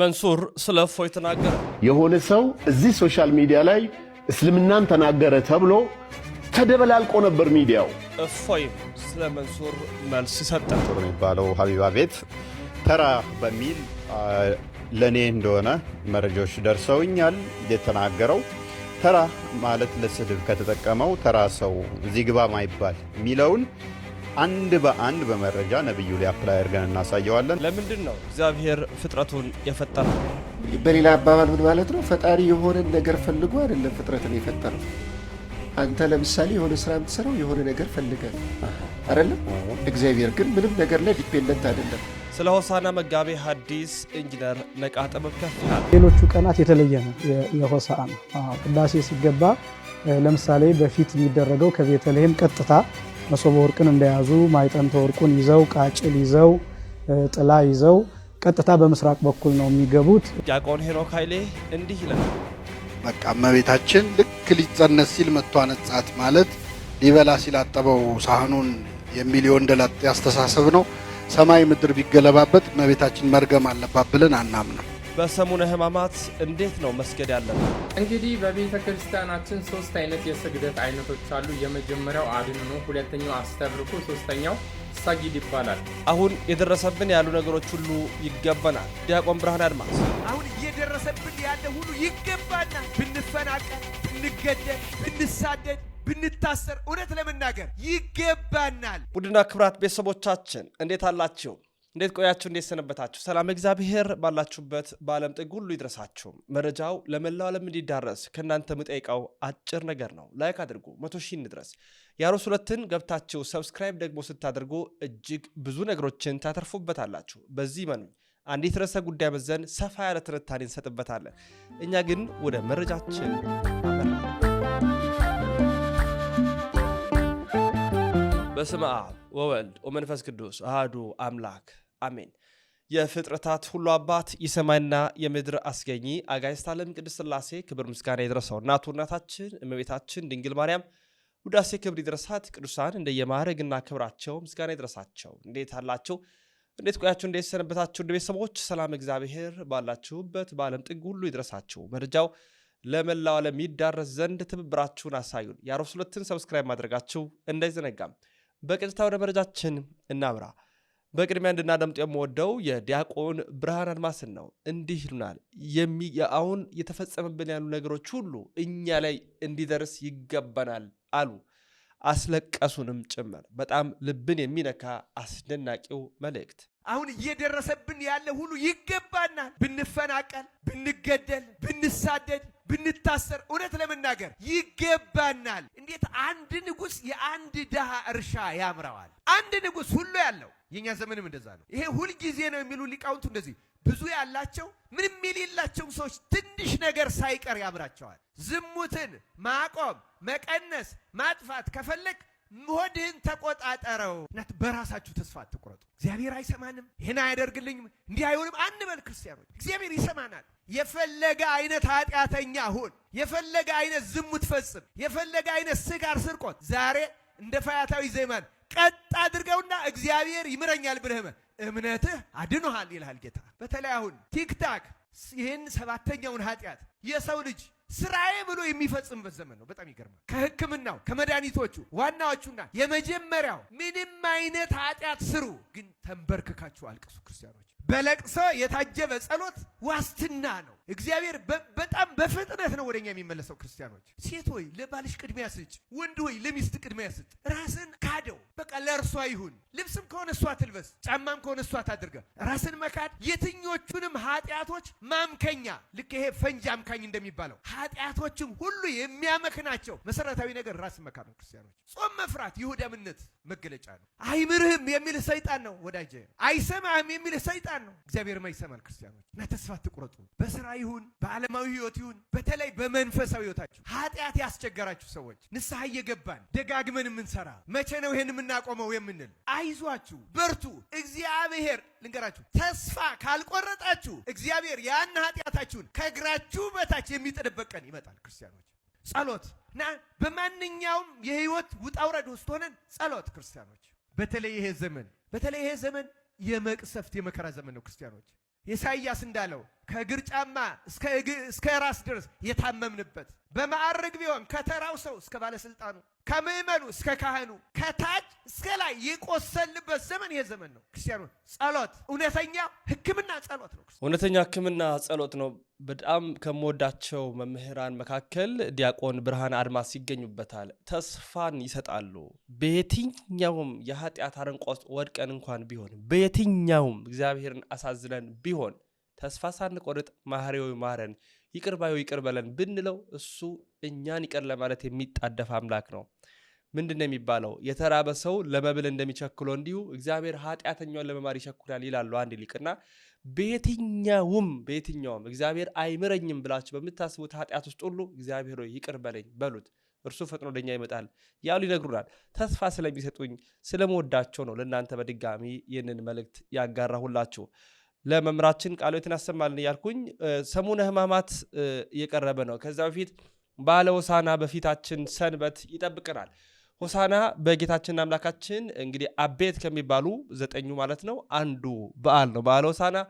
መንሱር ስለ እፎይ ተናገረ። የሆነ ሰው እዚህ ሶሻል ሚዲያ ላይ እስልምናን ተናገረ ተብሎ ተደበላልቆ ነበር ሚዲያው። እፎይም ስለ መንሱር መልስ ሰጠ። ጥሩ የሚባለው ሀቢባ ቤት ተራ በሚል ለእኔ እንደሆነ መረጃዎች ደርሰውኛል። የተናገረው ተራ ማለት ለስድብ ከተጠቀመው ተራ ሰው እዚህ ግባ ማይባል የሚለውን አንድ በአንድ በመረጃ ነብዩ ላይ አፕላይ አድርገን እናሳየዋለን። ለምንድን ነው እግዚአብሔር ፍጥረቱን የፈጠረው? በሌላ አባባል ምን ማለት ነው? ፈጣሪ የሆነን ነገር ፈልጎ አይደለም ፍጥረትን የፈጠረው። አንተ ለምሳሌ የሆነ ስራ የምትሰራው የሆነ ነገር ፈልገ አይደለም። እግዚአብሔር ግን ምንም ነገር ላይ ዲፔንደንት አይደለም። ስለ ሆሳና መጋቤ ሐዲስ ኢንጂነር ነቃ ጥበብ ከፍ ሌሎቹ ቀናት የተለየ ነው። የሆሳና ቅዳሴ ሲገባ ለምሳሌ በፊት የሚደረገው ከቤተልሔም ቀጥታ መሶበ ወርቅን እንደያዙ ማይጠንተ ወርቁን ይዘው ቃጭል ይዘው ጥላ ይዘው ቀጥታ በምስራቅ በኩል ነው የሚገቡት። ዲያቆን ሄኖክ ኃይሌ እንዲህ ይላል። በቃ እመቤታችን ልክ ሊጸነስ ሲል መጥቶ አነጻት ማለት ሊበላ ሲላጠበው ሳህኑን የሚል የወንደል አስተሳሰብ ነው። ሰማይ ምድር ቢገለባበት እመቤታችን መርገም አለባት ብለን አናምንም። በሰሙነ ሕማማት እንዴት ነው መስገድ ያለብን? እንግዲህ በቤተ ክርስቲያናችን ሶስት አይነት የስግደት አይነቶች አሉ። የመጀመሪያው አድኖ፣ ሁለተኛው አስተብርኮ፣ ሶስተኛው ሰጊድ ይባላል። አሁን የደረሰብን ያሉ ነገሮች ሁሉ ይገባናል። ዲያቆን ብርሃን አድማስ አሁን እየደረሰብን ያለ ሁሉ ይገባናል። ብንፈናቀል፣ ብንገደል፣ ብንሳደድ ብንታሰር እውነት ለመናገር ይገባናል። ቡድና ክብራት ቤተሰቦቻችን እንዴት አላችሁ? እንዴት ቆያችሁ? እንዴት ሰነበታችሁ? ሰላም እግዚአብሔር ባላችሁበት በዓለም ጥግ ሁሉ ይድረሳችሁ። መረጃው ለመላው ዓለም እንዲዳረስ ከእናንተ የምጠይቀው አጭር ነገር ነው። ላይክ አድርጉ፣ መቶ ሺህ እንድረስ። ያሮስ ሁለትን ገብታችሁ ሰብስክራይብ ደግሞ ስታደርጉ እጅግ ብዙ ነገሮችን ታተርፉበታላችሁ። በዚህ መኑኝ አንዲት ርዕሰ ጉዳይ መዘን ሰፋ ያለ ትንታኔ እንሰጥበታለን። እኛ ግን ወደ መረጃችን አመራ በስመ አብ ወወልድ ወመንፈስ ቅዱስ አህዱ አምላክ አሜን። የፍጥረታት ሁሉ አባት የሰማይና የምድር አስገኚ አጋዕዝተ ዓለም ቅድስት ሥላሴ ክብር ምስጋና የደረሰው እናቱ እናታችን እመቤታችን ድንግል ማርያም ውዳሴ ክብር ይድረሳት። ቅዱሳን እንደየማዕረግና ክብራቸው ምስጋና ይድረሳቸው። እንዴት አላቸው? እንዴት ቆያችሁ? እንዴት ሰነበታችሁ? እንደ ቤተሰቦች ሰላም እግዚአብሔር ባላችሁበት በዓለም ጥግ ሁሉ ይድረሳችሁ። መረጃው ለመላው ዓለም ይዳረስ ዘንድ ትብብራችሁን አሳዩን። የአሮስ ሁለትን ሰብስክራይብ ማድረጋችሁ እንዳይዘነጋም በቀጥታ ወደ መረጃችን እናምራ። በቅድሚያ እንድናደምጥ የምወደው የዲያቆን ብርሃን አድማስን ነው። እንዲህ ይሉናል። አሁን የተፈጸመብን ያሉ ነገሮች ሁሉ እኛ ላይ እንዲደርስ ይገባናል አሉ። አስለቀሱንም ጭምር በጣም ልብን የሚነካ አስደናቂው መልእክት። አሁን እየደረሰብን ያለ ሁሉ ይገባናል። ብንፈናቀል፣ ብንገደል፣ ብንሳደድ፣ ብንታሰር እውነት ለመናገር ይገባናል። እንዴት አንድ ንጉሥ የአንድ ድሃ እርሻ ያምረዋል? አንድ ንጉሥ ሁሉ ያለው የእኛ ዘመንም እንደዛ ነው። ይሄ ሁልጊዜ ነው የሚሉ ሊቃውንቱ እንደዚህ ብዙ ያላቸው ምንም የሌላቸውን ሰዎች ትንሽ ነገር ሳይቀር ያምራቸዋል። ዝሙትን ማቆም፣ መቀነስ፣ ማጥፋት ከፈለግ ሆድህን ተቆጣጠረው። እናት በራሳችሁ ተስፋ አትቁረጡ። እግዚአብሔር አይሰማንም፣ ይህን አያደርግልኝም፣ እንዲህ አይሆንም አንበል ክርስቲያኖች። እግዚአብሔር ይሰማናል። የፈለገ አይነት ኃጢአተኛ ሁን፣ የፈለገ አይነት ዝሙት ፈጽም፣ የፈለገ አይነት ስጋር ስርቆት ዛሬ እንደ ፈያታዊ ዘይማን ቀጥ አድርገውና እግዚአብሔር ይምረኛል ብለህ እምነትህ አድኖሃል ይልሃል ጌታ። በተለይ አሁን ቲክታክ ይህን ሰባተኛውን ኃጢአት የሰው ልጅ ስራዬ ብሎ የሚፈጽምበት ዘመን ነው። በጣም ይገርማል። ከህክምናው ከመድኃኒቶቹ ዋናዎቹና የመጀመሪያው ምንም አይነት ኃጢአት ስሩ፣ ግን ተንበርክካችሁ አልቅሱ። ክርስቲያኖች በለቅሶ የታጀበ ጸሎት ዋስትና ነው። እግዚአብሔር በጣም በፍጥነት ነው ወደኛ የሚመለሰው። ክርስቲያኖች፣ ሴት ወይ ለባልሽ ቅድሚያ ስጭ፣ ወንድ ወይ ለሚስት ቅድሚያ ስጭ። ራስን ካደው በቃ ለእርሷ ይሁን። ልብስም ከሆነ እሷ ትልበስ፣ ጫማም ከሆነ እሷ ታድርገ። ራስን መካድ የትኞቹንም ኃጢአቶች ማምከኛ ልክ ይሄ ፈንጂ አምካኝ እንደሚባለው ኃጢአቶችን ሁሉ የሚያመክናቸው መሰረታዊ ነገር ራስን መካድ ነው። ክርስቲያኖች፣ ጾም መፍራት ይሁዳምነት መገለጫ ነው። አይምርህም የሚልህ ሰይጣን ነው ወዳጄ። አይሰማህም የሚልህ ሰይጣን ነው። እግዚአብሔርም አይሰማል። ክርስቲያኖች እና ተስፋ ትቁረጡ በስራ ይሁን በዓለማዊ ህይወት ይሁን በተለይ በመንፈሳዊ ህይወታችሁ ኃጢአት ያስቸገራችሁ ሰዎች ንስሐ እየገባን ደጋግመን የምንሰራ መቼ ነው ይሄን የምናቆመው የምንል አይዟችሁ፣ በርቱ። እግዚአብሔር ልንገራችሁ፣ ተስፋ ካልቆረጣችሁ እግዚአብሔር ያን ኃጢአታችሁን ከእግራችሁ በታች የሚጥልበት ቀን ይመጣል። ክርስቲያኖች ጸሎት እና በማንኛውም የህይወት ውጣውረድ ውስጥ ሆነን ጸሎት ክርስቲያኖች በተለይ ይሄ ዘመን በተለይ ይሄ ዘመን የመቅሰፍት የመከራ ዘመን ነው። ክርስቲያኖች ኢሳይያስ እንዳለው ከእግር ጫማ እስከ ራስ ድረስ የታመምንበት በማዕረግ ቢሆን ከተራው ሰው እስከ ባለስልጣኑ ከምዕመኑ እስከ ካህኑ ከታች እስከ ላይ የቆሰልበት ዘመን ይሄ ዘመን ነው። ክርስቲያኑ ጸሎት፣ እውነተኛ ሕክምና ጸሎት ነው። እውነተኛ ሕክምና ጸሎት ነው። በጣም ከምወዳቸው መምህራን መካከል ዲያቆን ብርሃን አድማስ ይገኙበታል። ተስፋን ይሰጣሉ። በየትኛውም የኃጢአት አረንቋ ውስጥ ወድቀን እንኳን ቢሆን በየትኛውም እግዚአብሔርን አሳዝነን ቢሆን ተስፋ ሳንቆርጥ ማህሬዊ ማረን፣ ይቅር ባዩ ይቅር በለን ብንለው እሱ እኛን ይቅር ለማለት የሚጣደፍ አምላክ ነው። ምንድን የሚባለው? የተራበ ሰው ለመብል እንደሚቸኩለው እንዲሁ እግዚአብሔር ኃጢአተኛውን ለመማር ይቸኩላል ይላሉ አንድ ሊቅና። በየትኛውም በየትኛውም እግዚአብሔር አይምረኝም ብላችሁ በምታስቡት ኃጢአት ውስጥ ሁሉ እግዚአብሔር ሆይ ይቅር በለኝ በሉት፣ እርሱ ፈጥኖ ወደኛ ይመጣል ያሉ ይነግሩናል። ተስፋ ስለሚሰጡኝ ስለመወዳቸው ነው ለእናንተ በድጋሚ ይህንን መልእክት ያጋራሁላችሁ። ለመምራችን ቃሎትን ያሰማልን እያልኩኝ ሰሙነ ሕማማት እየቀረበ ነው። ከዛ በፊት በዓለ ሆሳና በፊታችን ሰንበት ይጠብቀናል። ሆሳና በጌታችንና አምላካችን እንግዲህ አቤት ከሚባሉ ዘጠኙ ማለት ነው አንዱ በዓል ነው። በዓለ ሆሳና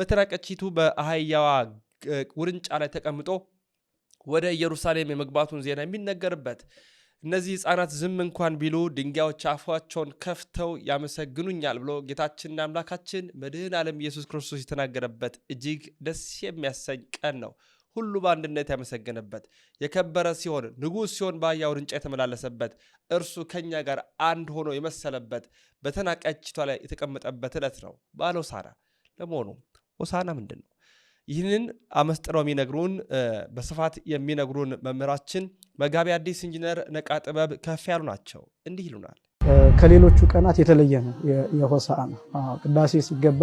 በተራቀቺቱ በአህያዋ ውርንጫ ላይ ተቀምጦ ወደ ኢየሩሳሌም የመግባቱን ዜና የሚነገርበት እነዚህ ሕፃናት ዝም እንኳን ቢሉ ድንጋዮች አፏቸውን ከፍተው ያመሰግኑኛል ብሎ ጌታችንና አምላካችን መድህን ዓለም ኢየሱስ ክርስቶስ የተናገረበት እጅግ ደስ የሚያሰኝ ቀን ነው። ሁሉ በአንድነት ያመሰገነበት የከበረ ሲሆን ንጉሥ ሲሆን በአህያ ውርንጫ የተመላለሰበት እርሱ ከእኛ ጋር አንድ ሆኖ የመሰለበት በተናቀችቷ ላይ የተቀመጠበት ዕለት ነው። በዓለ ሆሳዕና። ለመሆኑ ሆሳዕና ምንድን ነው? ይህንን አመስጥረው የሚነግሩን በስፋት የሚነግሩን መምህራችን መጋቢ አዲስ ኢንጂነር ነቃ ጥበብ ከፍ ያሉ ናቸው። እንዲህ ይሉናል። ከሌሎቹ ቀናት የተለየ ነው። የሆሳዕና ቅዳሴ ሲገባ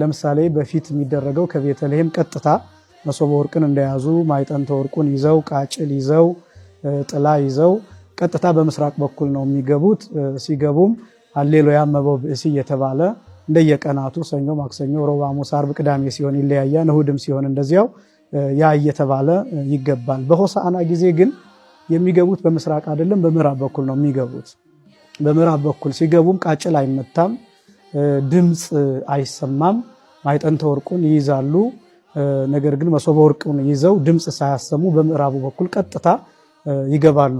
ለምሳሌ በፊት የሚደረገው ከቤተልሔም ቀጥታ መሶበ ወርቅን እንደያዙ ማይጠንተ ወርቁን ይዘው ቃጭል ይዘው ጥላ ይዘው ቀጥታ በምስራቅ በኩል ነው የሚገቡት። ሲገቡም አሌሎያ መቦ ብእሲ እየተባለ እንደየቀናቱ ሰኞ፣ ማክሰኞ፣ ሮብ፣ ሐሙስ፣ ዓርብ፣ ቅዳሜ ሲሆን ይለያያል። እሁድም ሲሆን እንደዚያው ያ እየተባለ ይገባል። በሆሳዕና ጊዜ ግን የሚገቡት በምስራቅ አይደለም በምዕራብ በኩል ነው የሚገቡት። በምዕራብ በኩል ሲገቡም ቃጭል አይመታም፣ ድምፅ አይሰማም። ማይጠንተ ወርቁን ይይዛሉ። ነገር ግን መሶበ ወርቁን ይዘው ድምፅ ሳያሰሙ በምዕራቡ በኩል ቀጥታ ይገባሉ።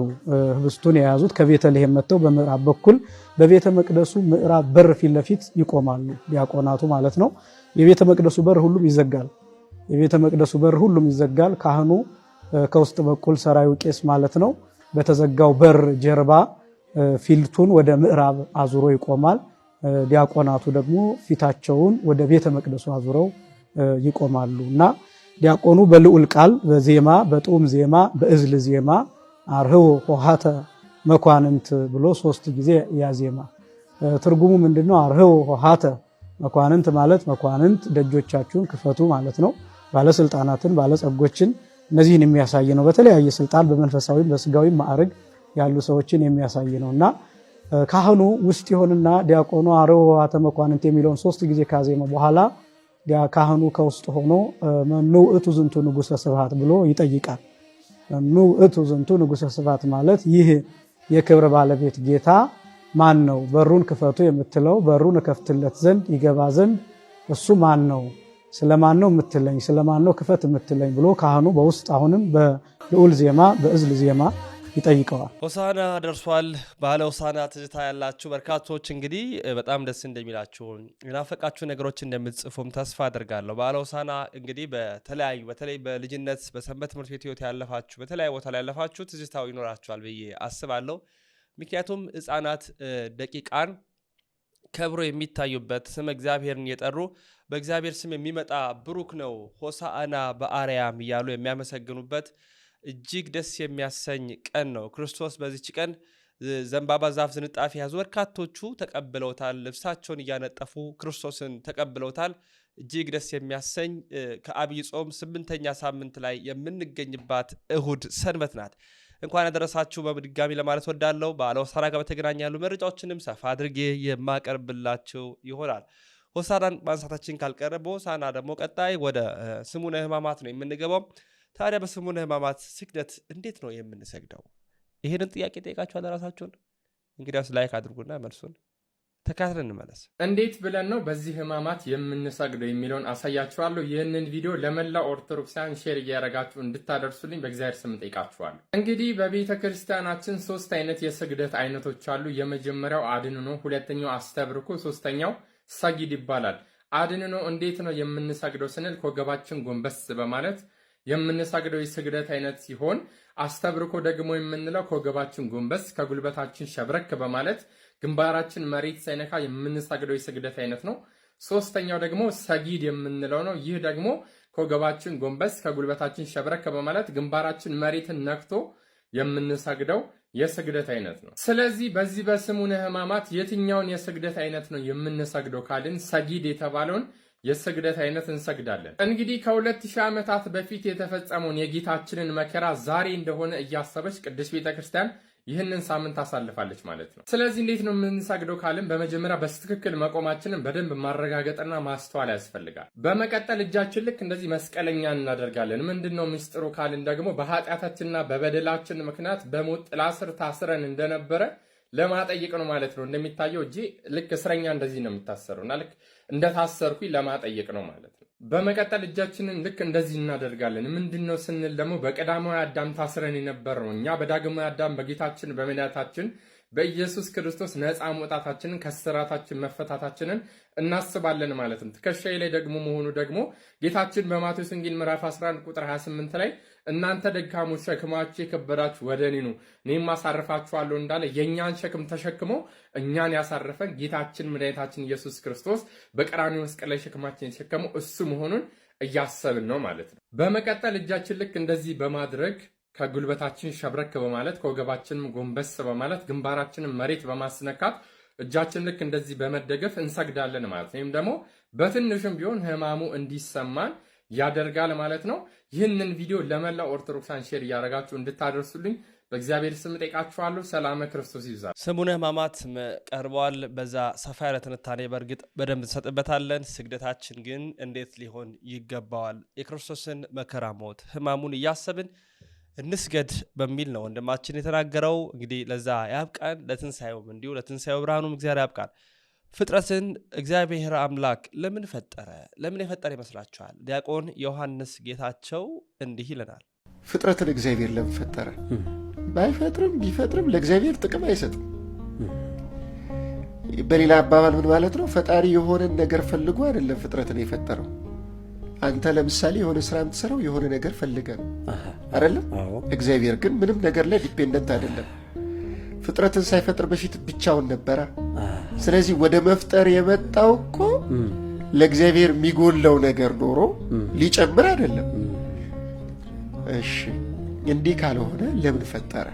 ህብስቱን የያዙት ከቤተልሔም መጥተው በምዕራብ በኩል በቤተ መቅደሱ ምዕራብ በር ፊት ለፊት ይቆማሉ፣ ዲያቆናቱ ማለት ነው። የቤተ መቅደሱ በር ሁሉም ይዘጋል። የቤተ መቅደሱ በር ሁሉም ይዘጋል። ካህኑ ከውስጥ በኩል ሰራዩ ቄስ ማለት ነው። በተዘጋው በር ጀርባ ፊልቱን ወደ ምዕራብ አዙሮ ይቆማል። ዲያቆናቱ ደግሞ ፊታቸውን ወደ ቤተ መቅደሱ አዙረው ይቆማሉ እና ዲያቆኑ በልዑል ቃል በዜማ በጡም ዜማ በእዝል ዜማ አርህው ውሃተ መኳንንት ብሎ ሶስት ጊዜ ያዜማ። ትርጉሙ ምንድነው? አርህው ውሃተ መኳንንት ማለት መኳንንት ደጆቻችሁን ክፈቱ ማለት ነው። ባለስልጣናትን፣ ባለጸጎችን እነዚህን የሚያሳይ ነው። በተለያየ ስልጣን በመንፈሳዊም በስጋዊም ማዕረግ ያሉ ሰዎችን የሚያሳይ ነው እና ካህኑ ውስጥ ይሆንና ዲያቆኑ አርኅዉ ውኃተ መኳንንት የሚለውን ሶስት ጊዜ ካዜመ በኋላ ካህኑ ከውስጥ ሆኖ መኑ ውእቱ ዝንቱ ንጉሠ ስብሐት ብሎ ይጠይቃል። ውእቱ ዝንቱ ንጉሰ ስባት ማለት ይህ የክብር ባለቤት ጌታ ማን ነው? በሩን ክፈቱ የምትለው በሩን እከፍትለት ዘንድ ይገባ ዘንድ እሱ ማን ነው? ስለማን ነው የምትለኝ? ስለማን ነው ክፈት የምትለኝ ብሎ ካህኑ በውስጥ አሁንም በልዑል ዜማ በእዝል ዜማ ይጠይቀዋል። ሆሳና ደርሷል። ባለ ሆሳና ትዝታ ያላችሁ በርካቶች እንግዲህ በጣም ደስ እንደሚላችሁ የናፈቃችሁ ነገሮች እንደምትጽፉም ተስፋ አድርጋለሁ። ባለ ሆሳና እንግዲህ በተለያዩ በተለይ በልጅነት በሰንበት ትምህርት ቤት ህይወት ያለፋችሁ በተለያዩ ቦታ ላይ ያለፋችሁ ትዝታው ይኖራችኋል ብዬ አስባለሁ። ምክንያቱም ህፃናት ደቂቃን ከብሮ የሚታዩበት ስም እግዚአብሔርን የጠሩ በእግዚአብሔር ስም የሚመጣ ብሩክ ነው ሆሳዕና በአርያም እያሉ የሚያመሰግኑበት እጅግ ደስ የሚያሰኝ ቀን ነው። ክርስቶስ በዚች ቀን ዘንባባ ዛፍ ዝንጣፊ ያዙ በርካቶቹ ተቀብለውታል። ልብሳቸውን እያነጠፉ ክርስቶስን ተቀብለውታል። እጅግ ደስ የሚያሰኝ ከአብይ ጾም ስምንተኛ ሳምንት ላይ የምንገኝባት እሁድ ሰንበት ናት። እንኳን ያደረሳችሁ በድጋሚ ለማለት ወዳለው በዓለ ሆሳዕና ጋር በተገናኘ ያሉ መረጃዎችንም ሰፋ አድርጌ የማቀርብላችሁ ይሆናል። ሆሳዕናን ማንሳታችን ካልቀረ በሆሳዕና ደግሞ ቀጣይ ወደ ስሙነ ሕማማት ነው የምንገባው። ታዲያ በሰሙነ ህማማት ስግደት እንዴት ነው የምንሰግደው? ይህንን ጥያቄ ጠይቃችኋል ራሳችሁን? እንግዲያውስ ላይክ አድርጉና መልሱን ተካትለን እንመለስ። እንዴት ብለን ነው በዚህ ህማማት የምንሰግደው የሚለውን አሳያችኋለሁ። ይህንን ቪዲዮ ለመላው ኦርቶዶክሳውያን ሼር እያደረጋችሁ እንድታደርሱልኝ በእግዚአብሔር ስም ጠይቃችኋለሁ። እንግዲህ በቤተ ክርስቲያናችን ሶስት አይነት የስግደት አይነቶች አሉ። የመጀመሪያው አድንኖ፣ ሁለተኛው አስተብርኮ፣ ሶስተኛው ሰጊድ ይባላል። አድንኖ እንዴት ነው የምንሰግደው ስንል ከወገባችን ጎንበስ በማለት የምንሰግደው የስግደት አይነት ሲሆን አስተብርኮ ደግሞ የምንለው ከወገባችን ጎንበስ ከጉልበታችን ሸብረክ በማለት ግንባራችን መሬት ሳይነካ የምንሰግደው የስግደት አይነት ነው። ሶስተኛው ደግሞ ሰጊድ የምንለው ነው። ይህ ደግሞ ከወገባችን ጎንበስ ከጉልበታችን ሸብረክ በማለት ግንባራችን መሬትን ነክቶ የምንሰግደው የስግደት አይነት ነው። ስለዚህ በዚህ በስሙነ ሕማማት የትኛውን የስግደት አይነት ነው የምንሰግደው ካልን ሰጊድ የተባለውን የስግደት አይነት እንሰግዳለን። እንግዲህ ከሁለት ሺህ ዓመታት በፊት የተፈጸመውን የጌታችንን መከራ ዛሬ እንደሆነ እያሰበች ቅዱስ ቤተ ክርስቲያን ይህንን ሳምንት ታሳልፋለች ማለት ነው። ስለዚህ እንዴት ነው የምንሰግደው ካልን በመጀመሪያ በስትክክል መቆማችንን በደንብ ማረጋገጥና ማስተዋል ያስፈልጋል። በመቀጠል እጃችን ልክ እንደዚህ መስቀለኛ እናደርጋለን። ምንድን ነው ምስጢሩ ካልን ደግሞ በኃጢአታችንና በበደላችን ምክንያት በሞት ጥላ ስር ታስረን እንደነበረ ለማጠየቅ ነው ማለት ነው። እንደሚታየው እጄ ልክ እስረኛ እንደዚህ ነው የሚታሰረው እና ልክ እንደታሰርኩኝ ለማጠየቅ ነው ማለት ነው። በመቀጠል እጃችንን ልክ እንደዚህ እናደርጋለን። ምንድን ነው ስንል ደግሞ በቀዳማዊ አዳም ታስረን የነበር ነው። እኛ በዳግማዊ አዳም በጌታችን በመድኃኒታችን በኢየሱስ ክርስቶስ ነፃ መውጣታችንን ከስራታችን መፈታታችንን እናስባለን ማለት ነው። ትከሻዬ ላይ ደግሞ መሆኑ ደግሞ ጌታችን በማቴዎስ ወንጌል ምዕራፍ 11 ቁጥር 28 ላይ እናንተ ደካሞች ሸክማችሁ የከበዳችሁ ወደ እኔ ነው፣ እኔም አሳርፋችኋለሁ እንዳለ የእኛን ሸክም ተሸክሞ እኛን ያሳረፈን ጌታችን መድኃኒታችን ኢየሱስ ክርስቶስ በቀራኒ መስቀል ላይ ሸክማችን የተሸከመው እሱ መሆኑን እያሰብን ነው ማለት ነው። በመቀጠል እጃችን ልክ እንደዚህ በማድረግ ከጉልበታችን ሸብረክ በማለት ከወገባችንም ጎንበስ በማለት ግንባራችንን መሬት በማስነካት እጃችን ልክ እንደዚህ በመደገፍ እንሰግዳለን ማለት ነው። ወይም ደግሞ በትንሹም ቢሆን ህማሙ እንዲሰማን ያደርጋል ማለት ነው። ይህንን ቪዲዮ ለመላው ኦርቶዶክሳን ሼር እያደረጋችሁ እንድታደርሱልኝ በእግዚአብሔር ስም ጠይቃችኋለሁ። ሰላመ ክርስቶስ ይብዛ። ሰሙነ ሕማማት ቀርቧል። በዛ ሰፋ ያለ ትንታኔ በእርግጥ በደንብ እንሰጥበታለን። ስግደታችን ግን እንዴት ሊሆን ይገባዋል? የክርስቶስን መከራ፣ ሞት፣ ሕማሙን እያሰብን እንስገድ በሚል ነው ወንድማችን የተናገረው። እንግዲህ ለዛ ያብቃን። ለትንሳኤውም እንዲሁ ለትንሳኤው ብርሃኑም እግዚአብሔር ያብቃል። ፍጥረትን እግዚአብሔር አምላክ ለምን ፈጠረ? ለምን የፈጠረ ይመስላችኋል? ዲያቆን ዮሐንስ ጌታቸው እንዲህ ይለናል። ፍጥረትን እግዚአብሔር ለምን ፈጠረ? ባይፈጥርም ቢፈጥርም ለእግዚአብሔር ጥቅም አይሰጥም። በሌላ አባባል ምን ማለት ነው? ፈጣሪ የሆነን ነገር ፈልጎ አይደለም ፍጥረትን የፈጠረው። አንተ ለምሳሌ የሆነ ስራ የምትሰራው የሆነ ነገር ፈልገ ነው አይደለም? እግዚአብሔር ግን ምንም ነገር ላይ ዲፔንደንት አይደለም። ፍጥረትን ሳይፈጥር በፊት ብቻውን ነበራ ስለዚህ ወደ መፍጠር የመጣው እኮ ለእግዚአብሔር የሚጎለው ነገር ኖሮ ሊጨምር አይደለም። እሺ እንዲህ ካልሆነ ለምን ፈጠረ?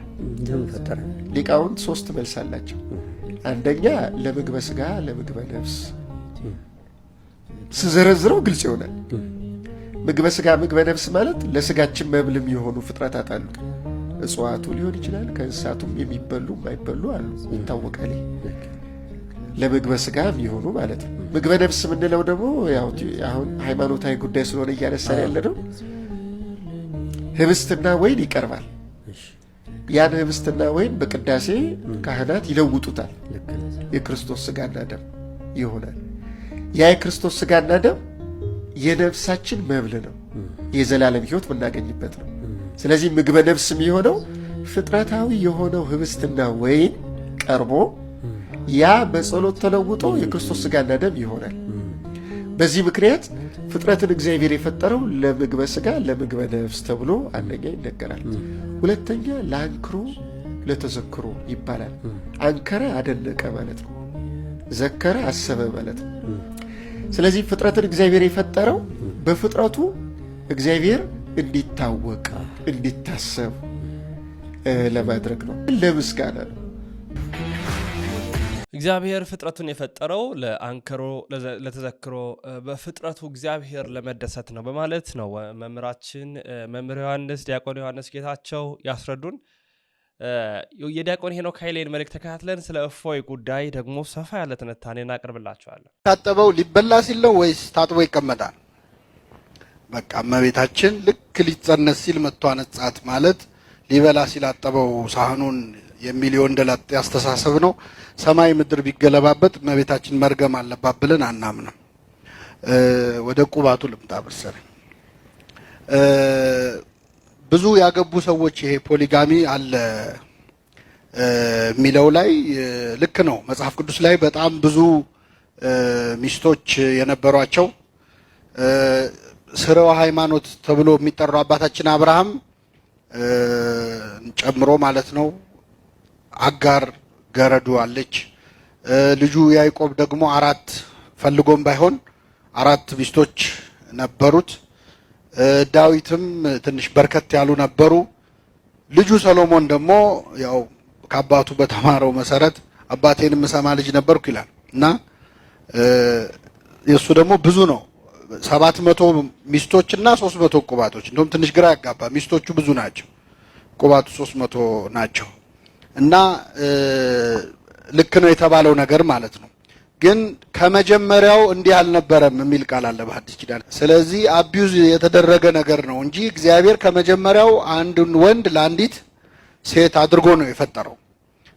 ሊቃውንት ሶስት መልስ አላቸው። አንደኛ ለምግበ ስጋ ለምግበ ነፍስ ስዘረዝረው ግልጽ ይሆናል። ምግበ ስጋ ምግበ ነፍስ ማለት ለስጋችን መብልም የሆኑ ፍጥረታት አሉ። እጽዋቱ ሊሆን ይችላል። ከእንስሳቱም የሚበሉ የማይበሉ አሉ፣ ይታወቃል። ለምግበ ስጋ የሚሆኑ ማለት ነው። ምግበ ነፍስ የምንለው ደግሞ አሁን ሃይማኖታዊ ጉዳይ ስለሆነ እያነሳን ያለ ነው። ህብስትና ወይን ይቀርባል። ያን ህብስትና ወይን በቅዳሴ ካህናት ይለውጡታል። የክርስቶስ ስጋና ደም ይሆናል። ያ የክርስቶስ ስጋና ደም የነፍሳችን መብል ነው። የዘላለም ህይወት የምናገኝበት ነው። ስለዚህ ምግበ ነፍስ የሚሆነው ፍጥረታዊ የሆነው ህብስትና ወይን ቀርቦ ያ በጸሎት ተለውጦ የክርስቶስ ሥጋና ደም ይሆናል። በዚህ ምክንያት ፍጥረትን እግዚአብሔር የፈጠረው ለምግበ ሥጋ ለምግበ ነፍስ ተብሎ አንደኛ ይነገራል። ሁለተኛ ለአንክሮ ለተዘክሮ ይባላል። አንከረ አደነቀ ማለት ነው። ዘከረ አሰበ ማለት ነው። ስለዚህ ፍጥረትን እግዚአብሔር የፈጠረው በፍጥረቱ እግዚአብሔር እንዲታወቅ እንዲታሰብ ለማድረግ ነው። ለምስጋና ነው። እግዚአብሔር ፍጥረቱን የፈጠረው ለአንክሮ ለተዘክሮ በፍጥረቱ እግዚአብሔር ለመደሰት ነው በማለት ነው መምራችን መምህር ዮሐንስ ዲያቆን ዮሐንስ ጌታቸው ያስረዱን። የዲያቆን ሄኖክ ኃይሌን መልእክት ተከታትለን ስለ እፎይ ጉዳይ ደግሞ ሰፋ ያለ ትንታኔ እናቀርብላቸዋለን። ታጠበው ሊበላ ሲል ነው ወይስ ታጥቦ ይቀመጣል? በቃ እመቤታችን ልክ ሊጸነስ ሲል መጥቶ አነጻት ማለት ሊበላ ሲል አጠበው ሳህኑን የሚል የወንደላጤ አስተሳሰብ ነው። ሰማይ ምድር ቢገለባበት እመቤታችን መርገም አለባት ብለን አናምንም። ወደ ቁባቱ ልምጣ መሰለኝ። ብዙ ያገቡ ሰዎች ይሄ ፖሊጋሚ አለ የሚለው ላይ ልክ ነው። መጽሐፍ ቅዱስ ላይ በጣም ብዙ ሚስቶች የነበሯቸው ስርወ ሃይማኖት ተብሎ የሚጠራው አባታችን አብርሃም ጨምሮ ማለት ነው አጋር ገረዱ አለች። ልጁ ያዕቆብ ደግሞ አራት ፈልጎም ባይሆን አራት ሚስቶች ነበሩት። ዳዊትም ትንሽ በርከት ያሉ ነበሩ። ልጁ ሰሎሞን ደግሞ ያው ከአባቱ በተማረው መሰረት አባቴን የምሰማ ልጅ ነበርኩ ይላል እና የእሱ ደግሞ ብዙ ነው። ሰባት መቶ ሚስቶች እና ሶስት መቶ ቁባቶች። እንደውም ትንሽ ግራ ያጋባ። ሚስቶቹ ብዙ ናቸው፣ ቁባቱ ሶስት መቶ ናቸው። እና ልክ ነው የተባለው ነገር ማለት ነው። ግን ከመጀመሪያው እንዲህ አልነበረም የሚል ቃል አለ በሐዲስ ኪዳን። ስለዚህ አቢዩዝ የተደረገ ነገር ነው እንጂ እግዚአብሔር ከመጀመሪያው አንድን ወንድ ለአንዲት ሴት አድርጎ ነው የፈጠረው።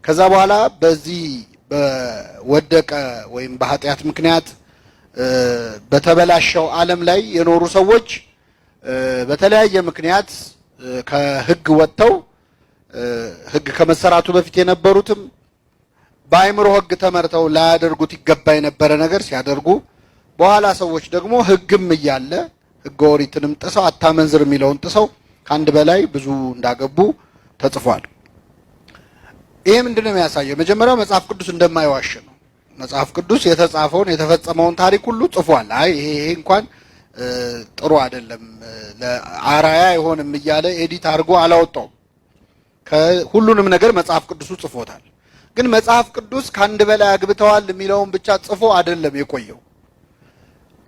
ከዛ በኋላ በዚህ በወደቀ ወይም በኃጢአት ምክንያት በተበላሸው ዓለም ላይ የኖሩ ሰዎች በተለያየ ምክንያት ከሕግ ወጥተው ህግ ከመሰራቱ በፊት የነበሩትም በአይምሮ ህግ ተመርተው ላያደርጉት ይገባ የነበረ ነገር ሲያደርጉ በኋላ ሰዎች ደግሞ ህግም እያለ ህገ ኦሪትንም ጥሰው አታመንዝር የሚለውን ጥሰው ከአንድ በላይ ብዙ እንዳገቡ ተጽፏል። ይህ ምንድን ነው የሚያሳየው? መጀመሪያው መጽሐፍ ቅዱስ እንደማይዋሽ ነው። መጽሐፍ ቅዱስ የተጻፈውን የተፈጸመውን ታሪክ ሁሉ ጽፏል። አይ ይሄ ይሄ እንኳን ጥሩ አይደለም፣ ለአራያ አይሆንም እያለ ኤዲት አድርጎ አላወጣውም። ሁሉንም ነገር መጽሐፍ ቅዱሱ ጽፎታል። ግን መጽሐፍ ቅዱስ ከአንድ በላይ አግብተዋል የሚለውን ብቻ ጽፎ አይደለም የቆየው።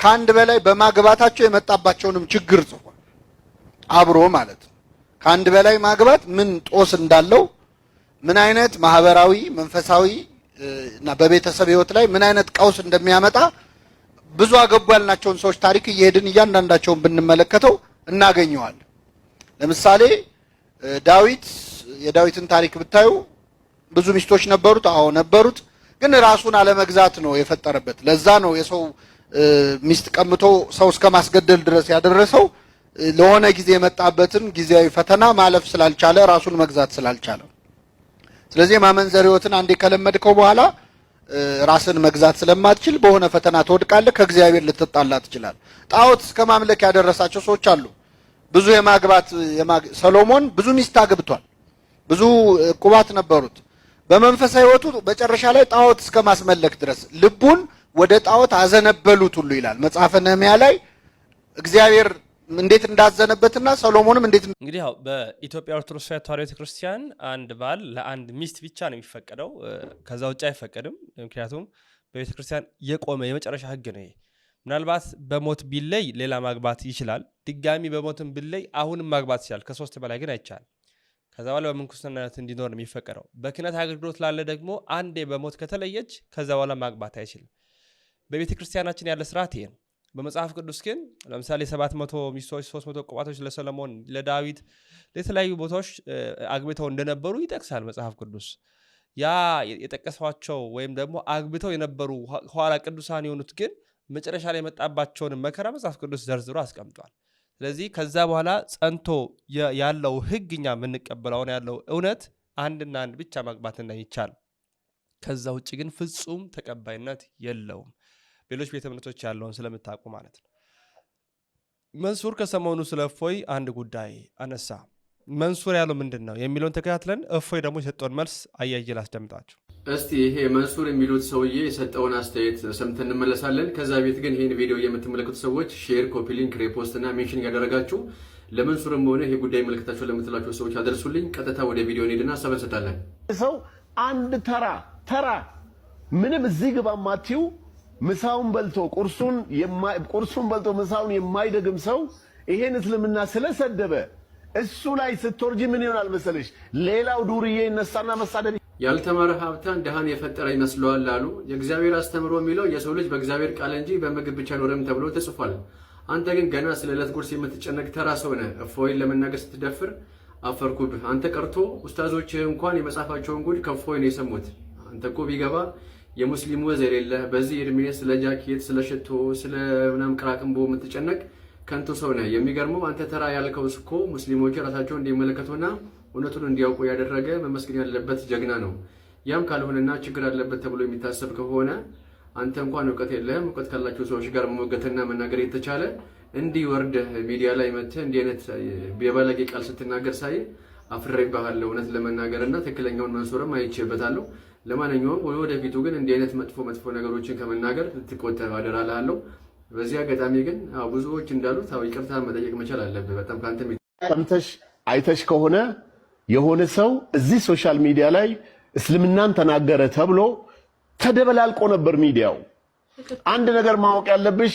ከአንድ በላይ በማግባታቸው የመጣባቸውንም ችግር ጽፏል። አብሮ ማለት ነው። ከአንድ በላይ ማግባት ምን ጦስ እንዳለው፣ ምን አይነት ማህበራዊ መንፈሳዊ እና በቤተሰብ ህይወት ላይ ምን አይነት ቀውስ እንደሚያመጣ ብዙ አገቡ ያልናቸውን ሰዎች ታሪክ እየሄድን እያንዳንዳቸውን ብንመለከተው እናገኘዋል። ለምሳሌ ዳዊት የዳዊትን ታሪክ ብታዩ ብዙ ሚስቶች ነበሩት። አዎ ነበሩት። ግን ራሱን አለመግዛት ነው የፈጠረበት። ለዛ ነው የሰው ሚስት ቀምቶ ሰው እስከ ማስገደል ድረስ ያደረሰው። ለሆነ ጊዜ የመጣበትን ጊዜያዊ ፈተና ማለፍ ስላልቻለ፣ ራሱን መግዛት ስላልቻለ። ስለዚህ የማመንዘር ህይወትን አንዴ ከለመድከው በኋላ ራስን መግዛት ስለማትችል በሆነ ፈተና ትወድቃለህ። ከእግዚአብሔር ልትጣላ ትችላል። ጣዖት እስከ ማምለክ ያደረሳቸው ሰዎች አሉ። ብዙ የማግባት ሰሎሞን ብዙ ሚስት አግብቷል። ብዙ ቁባት ነበሩት። በመንፈሳዊ ሕይወቱ መጨረሻ ላይ ጣዖት እስከ ማስመለክ ድረስ ልቡን ወደ ጣዖት አዘነበሉት ሁሉ ይላል መጽሐፈ ነህምያ ላይ እግዚአብሔር እንዴት እንዳዘነበትና ሰሎሞንም እንዴት እንግዲህ ያው በኢትዮጵያ ኦርቶዶክስ ተዋሕዶ ቤተክርስቲያን አንድ ባል ለአንድ ሚስት ብቻ ነው የሚፈቀደው። ከዛ ውጭ አይፈቀድም። ምክንያቱም በቤተክርስቲያን የቆመ የመጨረሻ ህግ ነው ይሄ። ምናልባት በሞት ቢለይ ሌላ ማግባት ይችላል። ድጋሚ በሞትም ብለይ አሁንም ማግባት ይችላል። ከሶስት በላይ ግን አይቻል። ከዛ በኋላ በምንኩስናነት እንዲኖር ነው የሚፈቀደው። በክህነት አገልግሎት ላለ ደግሞ አንዴ በሞት ከተለየች ከዛ በኋላ ማግባት አይችልም። በቤተ ክርስቲያናችን ያለ ስርዓት ይሄ ነው። በመጽሐፍ ቅዱስ ግን ለምሳሌ መቶ ሚስቶች፣ መቶ ቁባቶች ለሰለሞን፣ ለዳዊት፣ ለተለያዩ ቦታዎች አግብተው እንደነበሩ ይጠቅሳል መጽሐፍ ቅዱስ። ያ የጠቀሷቸው ወይም ደግሞ አግብተው የነበሩ ኋላ ቅዱሳን የሆኑት ግን መጨረሻ ላይ የመጣባቸውን መከራ መጽሐፍ ቅዱስ ዘርዝሮ አስቀምጧል። ስለዚህ ከዛ በኋላ ጸንቶ ያለው ህግ እኛ የምንቀበለውን ያለው እውነት አንድና አንድ ብቻ ማግባትና ይቻል። ከዛ ውጭ ግን ፍጹም ተቀባይነት የለውም። ሌሎች ቤተ እምነቶች ያለውን ስለምታውቁ ማለት ነው። መንሱር ከሰሞኑ ስለ እፎይ አንድ ጉዳይ አነሳ። መንሱር ያለው ምንድን ነው የሚለውን ተከታትለን እፎይ ደግሞ የሰጠውን መልስ አያይል አስደምጣችሁ እስቲ ይሄ መንሱር የሚሉት ሰውዬ የሰጠውን አስተያየት ሰምተን እንመለሳለን። ከዛ ቤት ግን ይህን ቪዲዮ የምትመለከቱ ሰዎች ሼር፣ ኮፒሊንክ፣ ሪፖስት እና ሜንሽን እያደረጋችሁ ለመንሱርም ሆነ ይሄ ጉዳይ መለከታቸው ለምትላቸው ሰዎች አደርሱልኝ። ቀጥታ ወደ ቪዲዮ እንሄድና ሀሳብ እንሰጣለን። ሰው አንድ ተራ ተራ ምንም እዚህ ግባ ማቲው ምሳውን በልቶ ቁርሱን ቁርሱን በልቶ ምሳውን የማይደግም ሰው ይሄን እስልምና ስለሰደበ እሱ ላይ ስትወርጂ ምን ይሆናል መሰለሽ? ሌላው ዱርዬ ይነሳና መሳደብ ያልተማረ ሀብታን ድሃን የፈጠረ ይመስለዋል ላሉ የእግዚአብሔር አስተምሮ የሚለው የሰው ልጅ በእግዚአብሔር ቃል እንጂ በምግብ ብቻ አይኖርም ተብሎ ተጽፏል። አንተ ግን ገና ስለ ዕለት ጉርስ የምትጨነቅ ተራ ሰው ነህ። እፎይን ለመናገር ስትደፍር አፈርኩብህ። አንተ ቀርቶ ኡስታዞችህ እንኳን የመጽሐፋቸውን ጉድ ከእፎይ ነው የሰሙት። አንተ እኮ ቢገባ የሙስሊም ወዝ የሌለ በዚህ እድሜ ስለ ጃኬት፣ ስለ ሽቶ፣ ስለ ምናምን ቅራቅንቦ የምትጨነቅ ከንቱ ሰው ነህ። የሚገርመው አንተ ተራ ያልከው እኮ ሙስሊሞች ራሳቸውን እንዲመለከቱና እውነቱን እንዲያውቁ ያደረገ መመስገን ያለበት ጀግና ነው። ያም ካልሆነና ችግር አለበት ተብሎ የሚታሰብ ከሆነ አንተ እንኳን እውቀት የለህም፣ እውቀት ካላቸው ሰዎች ጋር መሞገትና መናገር የተቻለ እንዲህ ወርደህ ሚዲያ ላይ መጥተህ እንዲህ አይነት የባለጌ ቃል ስትናገር ሳይ አፍሬብሃለሁ። እውነት ለመናገር ትክክለኛውን መንሶርም አይቼበታለሁ። ለማንኛውም ወደፊቱ ግን እንዲህ አይነት መጥፎ መጥፎ ነገሮችን ከመናገር ልትቆጠብ አደራ በዚህ አጋጣሚ ግን ብዙዎች እንዳሉት ይቅርታ መጠየቅ መቻል አለብህ። በጣም ከአንተ ሰምተሽ አይተሽ ከሆነ የሆነ ሰው እዚህ ሶሻል ሚዲያ ላይ እስልምናን ተናገረ ተብሎ ተደበላልቆ ነበር ሚዲያው። አንድ ነገር ማወቅ ያለብሽ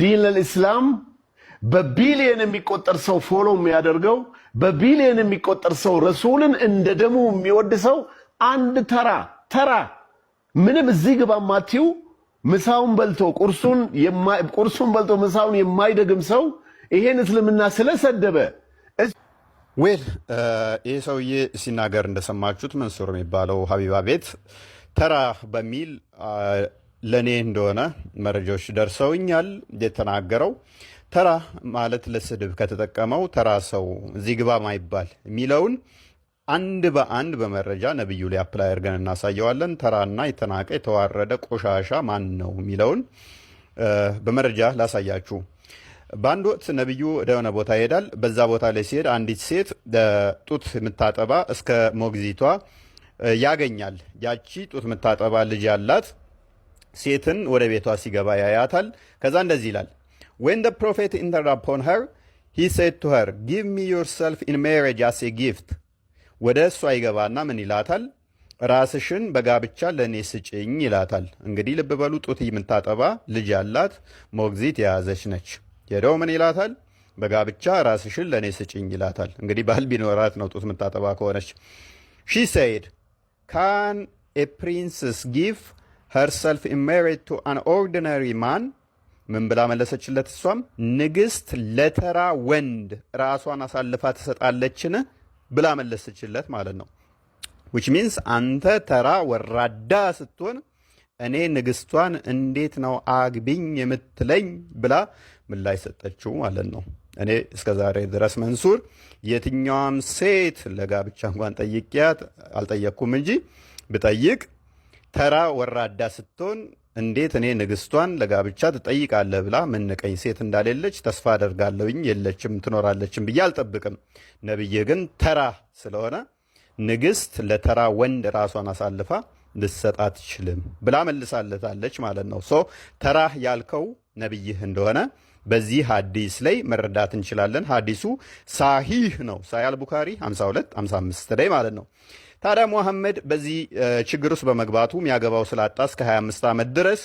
ዲን ኢስላም በቢሊየን የሚቆጠር ሰው ፎሎ የሚያደርገው በቢሊየን የሚቆጠር ሰው ረሱልን እንደ ደሙ የሚወድ ሰው አንድ ተራ ተራ ምንም እዚህ ግባ ማቲው ምሳውን በልቶ ቁርሱን በልቶ ምሳውን የማይደግም ሰው ይሄን እስልምና ስለሰደበ ዌል ይህ ሰውዬ ሲናገር እንደሰማችሁት መንሱር የሚባለው ሀቢባ ቤት ተራ በሚል ለእኔ እንደሆነ መረጃዎች ደርሰውኛል። የተናገረው ተራ ማለት ለስድብ ከተጠቀመው ተራ ሰው እዚህ ግባ ማይባል የሚለውን አንድ በአንድ በመረጃ ነብዩ ላይ አፕላይ አድርገን እናሳየዋለን። ተራና የተናቀ የተዋረደ ቆሻሻ ማን ነው የሚለውን በመረጃ ላሳያችሁ። በአንድ ወቅት ነቢዩ ሆነ ቦታ ይሄዳል። በዛ ቦታ ላይ ሲሄድ አንዲት ሴት ጡት የምታጠባ እስከ ሞግዚቷ ያገኛል። ያቺ ጡት የምታጠባ ልጅ ያላት ሴትን ወደ ቤቷ ሲገባ ያያታል። ከዛ እንደዚህ ይላል ወን ፕሮፌት ኢንተራፖን አፖን ሄር ሂ ሴድ ቱ ሄር ጊቭ ሚ ዮርሰልፍ ኢን ሜሬጅ አስ ኤ ጊፍት። ወደ እሷ ይገባና ምን ይላታል? ራስሽን በጋብቻ ለእኔ ስጭኝ ይላታል። እንግዲህ ልብ በሉ ጡት የምታጠባ ልጅ ያላት ሞግዚት የያዘች ነች። ሄደው ምን ይላታል? በጋብቻ ራስሽን ለእኔ ስጭኝ ይላታል። እንግዲህ ባል ቢኖራት ነው ጡት የምታጠባ ከሆነች። ሺ ሰይድ ካን ኤ ፕሪንስስ ጊቭ ሄርሰልፍ ኢን ቱ አን ኦርዲናሪ ማን ምን ብላ መለሰችለት? እሷም ንግስት ለተራ ወንድ ራሷን አሳልፋ ትሰጣለችን ብላ መለሰችለት ማለት ነው። ዊች ሚንስ አንተ ተራ ወራዳ ስትሆን እኔ ንግስቷን እንዴት ነው አግቢኝ የምትለኝ ብላ ምላሽ ሰጠችው ማለት ነው። እኔ እስከ ዛሬ ድረስ መንሱር የትኛዋም ሴት ለጋብቻ እንኳን ጠይቂያት አልጠየቅኩም እንጂ ብጠይቅ ተራ ወራዳ ስትሆን እንዴት እኔ ንግስቷን ለጋብቻ ትጠይቃለህ ብላ ምንቀኝ ሴት እንዳሌለች ተስፋ አደርጋለሁኝ። የለችም ትኖራለችም ብዬ አልጠብቅም። ነብዬ ግን ተራ ስለሆነ ንግስት ለተራ ወንድ ራሷን አሳልፋ ልሰጥ አትችልም ብላ መልሳለታለች ማለት ነው። ሶ ተራህ ያልከው ነቢይህ እንደሆነ በዚህ ሀዲስ ላይ መረዳት እንችላለን። ሀዲሱ ሳሂህ ነው። ሳይ አልቡካሪ 52 55 ላይ ማለት ነው። ታዲያ ሙሐመድ በዚህ ችግር ውስጥ በመግባቱ የሚያገባው ስላጣ እስከ 25 ዓመት ድረስ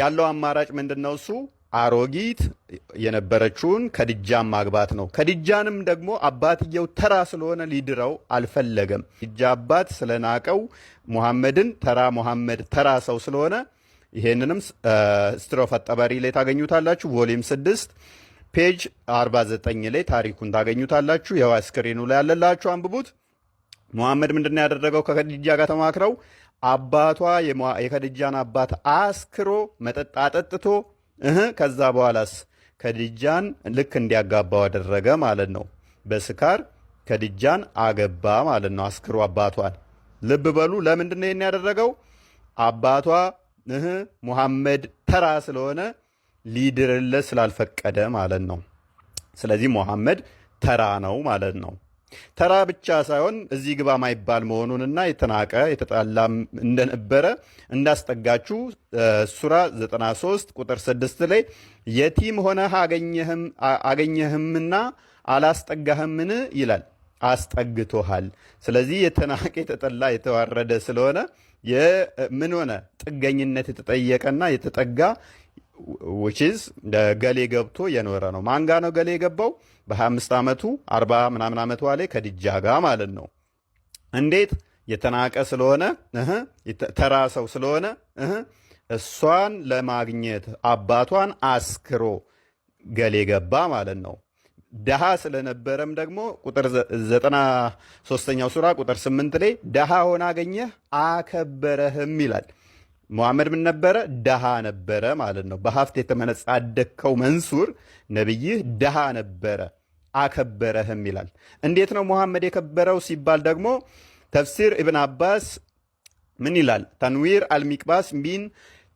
ያለው አማራጭ ምንድን ነው? እሱ አሮጊት የነበረችውን ከድጃን ማግባት ነው። ከድጃንም ደግሞ አባትየው ተራ ስለሆነ ሊድረው አልፈለገም። ድጃ አባት ስለናቀው ሙሐመድን ተራ ሙሐመድ ተራ ሰው ስለሆነ ይሄንንም ስትሮፍ አጠባሪ ላይ ታገኙታላችሁ። ቮሊም 6 ፔጅ 49 ላይ ታሪኩን ታገኙታላችሁ። የዋ ስክሪኑ ላይ ያለላችሁ አንብቡት። ሙሐመድ ምንድነው ያደረገው? ከከድጃ ጋር ተማክረው አባቷ የከድጃን አባት አስክሮ መጠጥ አጠጥቶ እህ ከዛ በኋላስ ከድጃን ልክ እንዲያጋባው አደረገ ማለት ነው። በስካር ከድጃን አገባ ማለት ነው። አስክሮ አባቷን ልብ በሉ። ለምንድን ነው ያደረገው? አባቷ እህ ሙሐመድ ተራ ስለሆነ ሊድርለት ስላልፈቀደ ማለት ነው። ስለዚህ ሙሐመድ ተራ ነው ማለት ነው። ተራ ብቻ ሳይሆን እዚህ ግባ ማይባል መሆኑንና የተናቀ የተጣላም እንደነበረ እንዳስጠጋችሁ ሱራ 93 ቁጥር 6 ላይ የቲም ሆነ አገኘህምና አላስጠጋህምን ይላል። አስጠግቶሃል። ስለዚህ የተናቀ የተጠላ የተዋረደ ስለሆነ ምን ሆነ? ጥገኝነት የተጠየቀና የተጠጋ ዊችዝ ገሌ ገብቶ የኖረ ነው። ማን ጋ ነው ገሌ የገባው? በ25 ዓመቱ 40 ምናምን ዓመቱ ላይ ከድጃ ጋ ማለት ነው። እንዴት የተናቀ ስለሆነ ተራ ሰው ስለሆነ እሷን ለማግኘት አባቷን አስክሮ ገሌ ገባ ማለት ነው። ደሃ ስለነበረም ደግሞ ቁጥር ዘጠና ሶስተኛው ሱራ ቁጥር ስምንት ላይ ደሃ ሆነ አገኘህ አከበረህም ይላል። ሙሐመድ ምን ነበረ? ደሃ ነበረ ማለት ነው። በሀፍት የተመነጻደከው መንሱር ነቢይህ ደሃ ነበረ አከበረህም ይላል። እንዴት ነው ሙሐመድ የከበረው ሲባል ደግሞ ተፍሲር ኢብን አባስ ምን ይላል? ተንዊር አልሚቅባስ ሚን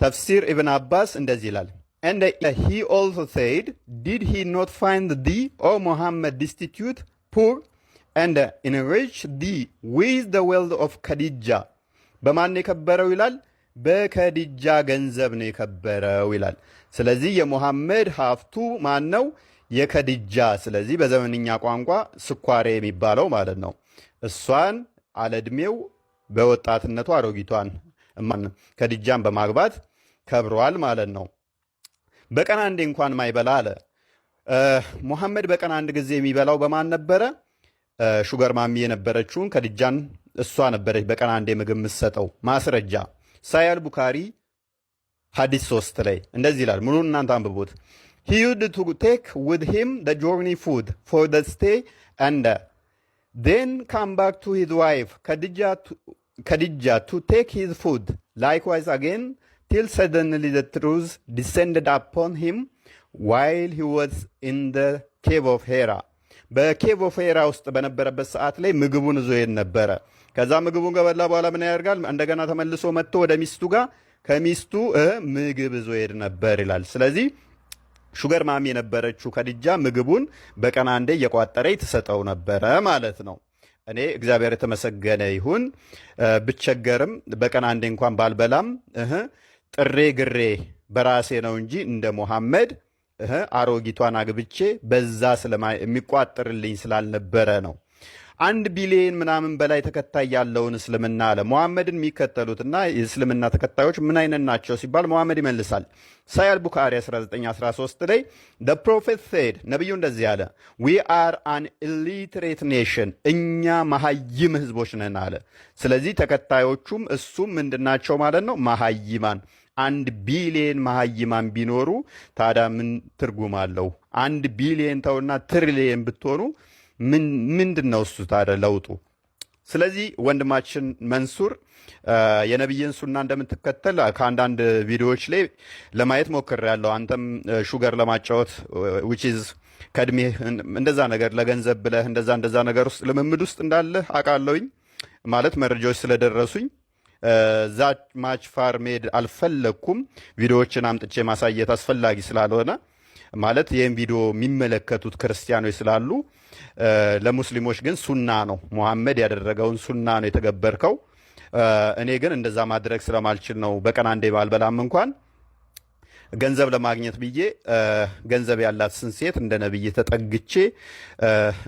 ተፍሲር ኢብን አባስ እንደዚህ ይላል And he also said, Did he not find thee, O Muhammad, destitute, poor, and enrich thee with the wealth of Khadija? በማን የከበረው ይላል በከድጃ ገንዘብ ነው የከበረው ይላል። ስለዚህ የሙሐመድ ሀፍቱ ማን ነው? የከድጃ ስለዚህ በዘመንኛ ቋንቋ ስኳሬ የሚባለው ማለት ነው። እሷን አለድሜው በወጣትነቱ አሮጊቷን ከድጃን በማግባት ከብሯል ማለት ነው። በቀን አንዴ እንኳን ማይበላ አለ ሙሐመድ። በቀን አንድ ጊዜ የሚበላው በማን ነበረ? ሹገር ማሚ የነበረችውን ከድጃን እሷ ነበረች በቀን አንዴ ምግብ የምትሰጠው ማስረጃ ሳያል ቡካሪ ሐዲስ ሶስት ላይ እንደዚህ ይላል። ሙሉ እናንተ አንብቦት ሂ ዩድ ቱ ቴክ ዊዝ ሂም ደ ጆርኒ ፉድ ፎር ደ ስቴ አንድ ዴን ካም ባክ ቱ ሂዝ ዋይፍ ከድጃ ቱ ቴክ ሂዝ ፉድ ላይክዋይዝ አጌን ቲል ሰደንሊ ደ ትሩዝ ዲሰንደድ አፖን ሂም ዋይል ሂ ዋዝ ኢን ደ ኬቭ ኦፍ ሄራ በኬቮፌራ ውስጥ በነበረበት ሰዓት ላይ ምግቡን ይዞ ሄድ ነበረ። ከዛ ምግቡን ከበላ በኋላ ምን ያደርጋል? እንደገና ተመልሶ መጥቶ ወደ ሚስቱ ጋር ከሚስቱ ምግብ ይዞ ሄድ ነበር ይላል። ስለዚህ ሹገር ማሚ የነበረችው ከድጃ ምግቡን በቀን አንዴ እየቋጠረ ትሰጠው ነበረ ማለት ነው። እኔ እግዚአብሔር የተመሰገነ ይሁን ብቸገርም በቀን አንዴ እንኳን ባልበላም ጥሬ ግሬ በራሴ ነው እንጂ እንደ ሙሐመድ አሮጊቷን አግብቼ በዛ የሚቋጠርልኝ ስላልነበረ ነው። አንድ ቢሊየን ምናምን በላይ ተከታይ ያለውን እስልምና አለ ሙሐመድን የሚከተሉትና የእስልምና ተከታዮች ምን አይነት ናቸው ሲባል ሙሐመድ ይመልሳል። ሳያል ቡካሪ 1913 ላይ ደ ፕሮፌት ሴድ ነቢዩ እንደዚህ አለ፣ ዊ አር አን ኢሊትሬት ኔሽን እኛ መሀይም ህዝቦች ነን አለ። ስለዚህ ተከታዮቹም እሱም ምንድናቸው ማለት ነው መሀይማን አንድ ቢሊየን መሀይማን ቢኖሩ ታዲያ ምን ትርጉም አለው? አንድ ቢሊየን ተውና ትሪሊየን ብትሆኑ ምንድን ነው እሱ ታዲያ ለውጡ? ስለዚህ ወንድማችን መንሱር የነቢይን ሱና እንደምትከተል ከአንዳንድ ቪዲዮዎች ላይ ለማየት ያለው አንተም ሹገር ለማጫወት ዊች ኢዝ እንደዛ ነገር ለገንዘብ ብለህ እንደዛ እንደዛ ነገር ውስጥ ልምምድ ውስጥ እንዳለህ አውቃለሁኝ ማለት መረጃዎች ስለደረሱኝ እዛ ማች ፋር መሄድ አልፈለግኩም። ቪዲዮዎችን አምጥቼ ማሳየት አስፈላጊ ስላልሆነ ማለት ይህም ቪዲዮ የሚመለከቱት ክርስቲያኖች ስላሉ፣ ለሙስሊሞች ግን ሱና ነው። ሙሐመድ ያደረገውን ሱና ነው የተገበርከው። እኔ ግን እንደዛ ማድረግ ስለማልችል ነው። በቀን አንዴ ባልበላም እንኳን ገንዘብ ለማግኘት ብዬ ገንዘብ ያላት ስንት ሴት እንደ ነብይ ተጠግቼ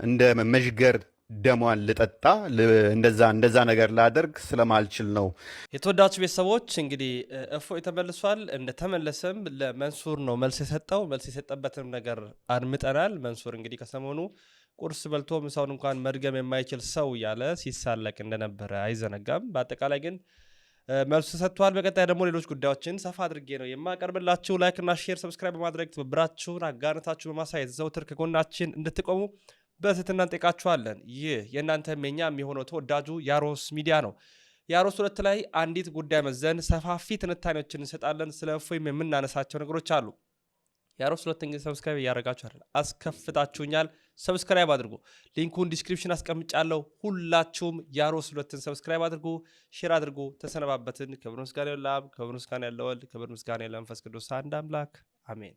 እንደ መዥገር ደሟን ልጠጣ እንደዛ እንደዛ ነገር ላደርግ ስለማልችል ነው። የተወዳችሁ ቤተሰቦች እንግዲህ እፎይ ተመልሷል። እንደተመለሰም ለመንሱር ነው መልስ የሰጠው። መልስ የሰጠበትም ነገር አድምጠናል። መንሱር እንግዲህ ከሰሞኑ ቁርስ በልቶ ምሳውን እንኳን መድገም የማይችል ሰው እያለ ሲሳለቅ እንደነበረ አይዘነጋም። በአጠቃላይ ግን መልሱ ተሰጥቷል። በቀጣይ ደግሞ ሌሎች ጉዳዮችን ሰፋ አድርጌ ነው የማቀርብላችሁ። ላይክና ሼር፣ ሰብስክራይብ በማድረግ ትብብራችሁን አጋርነታችሁ በማሳየት ዘውትር ከጎናችን እንድትቆሙ በትህትና እንጠይቃችኋለን። ይህ የእናንተም የኛም የሆነው ተወዳጁ ያሮስ ሚዲያ ነው። የአሮስ ሁለት ላይ አንዲት ጉዳይ መዘን ሰፋፊ ትንታኔዎችን እንሰጣለን። ስለ እፎይም የምናነሳቸው ነገሮች አሉ። የአሮስ ሁለት እንግዲህ ሰብስክራይብ እያደረጋችሁ አይደል? አስከፍታችሁኛል። ሰብስክራይብ አድርጉ። ሊንኩን ዲስክሪፕሽን አስቀምጫለሁ። ሁላችሁም የአሮስ ሁለትን ሰብስክራይብ አድርጉ፣ ሼር አድርጉ። ተሰነባበትን። ክብር ምስጋና ለአብ፣ ክብር ምስጋና ለወልድ፣ ክብር ምስጋና ለመንፈስ ቅዱስ አንድ አምላክ አሜን።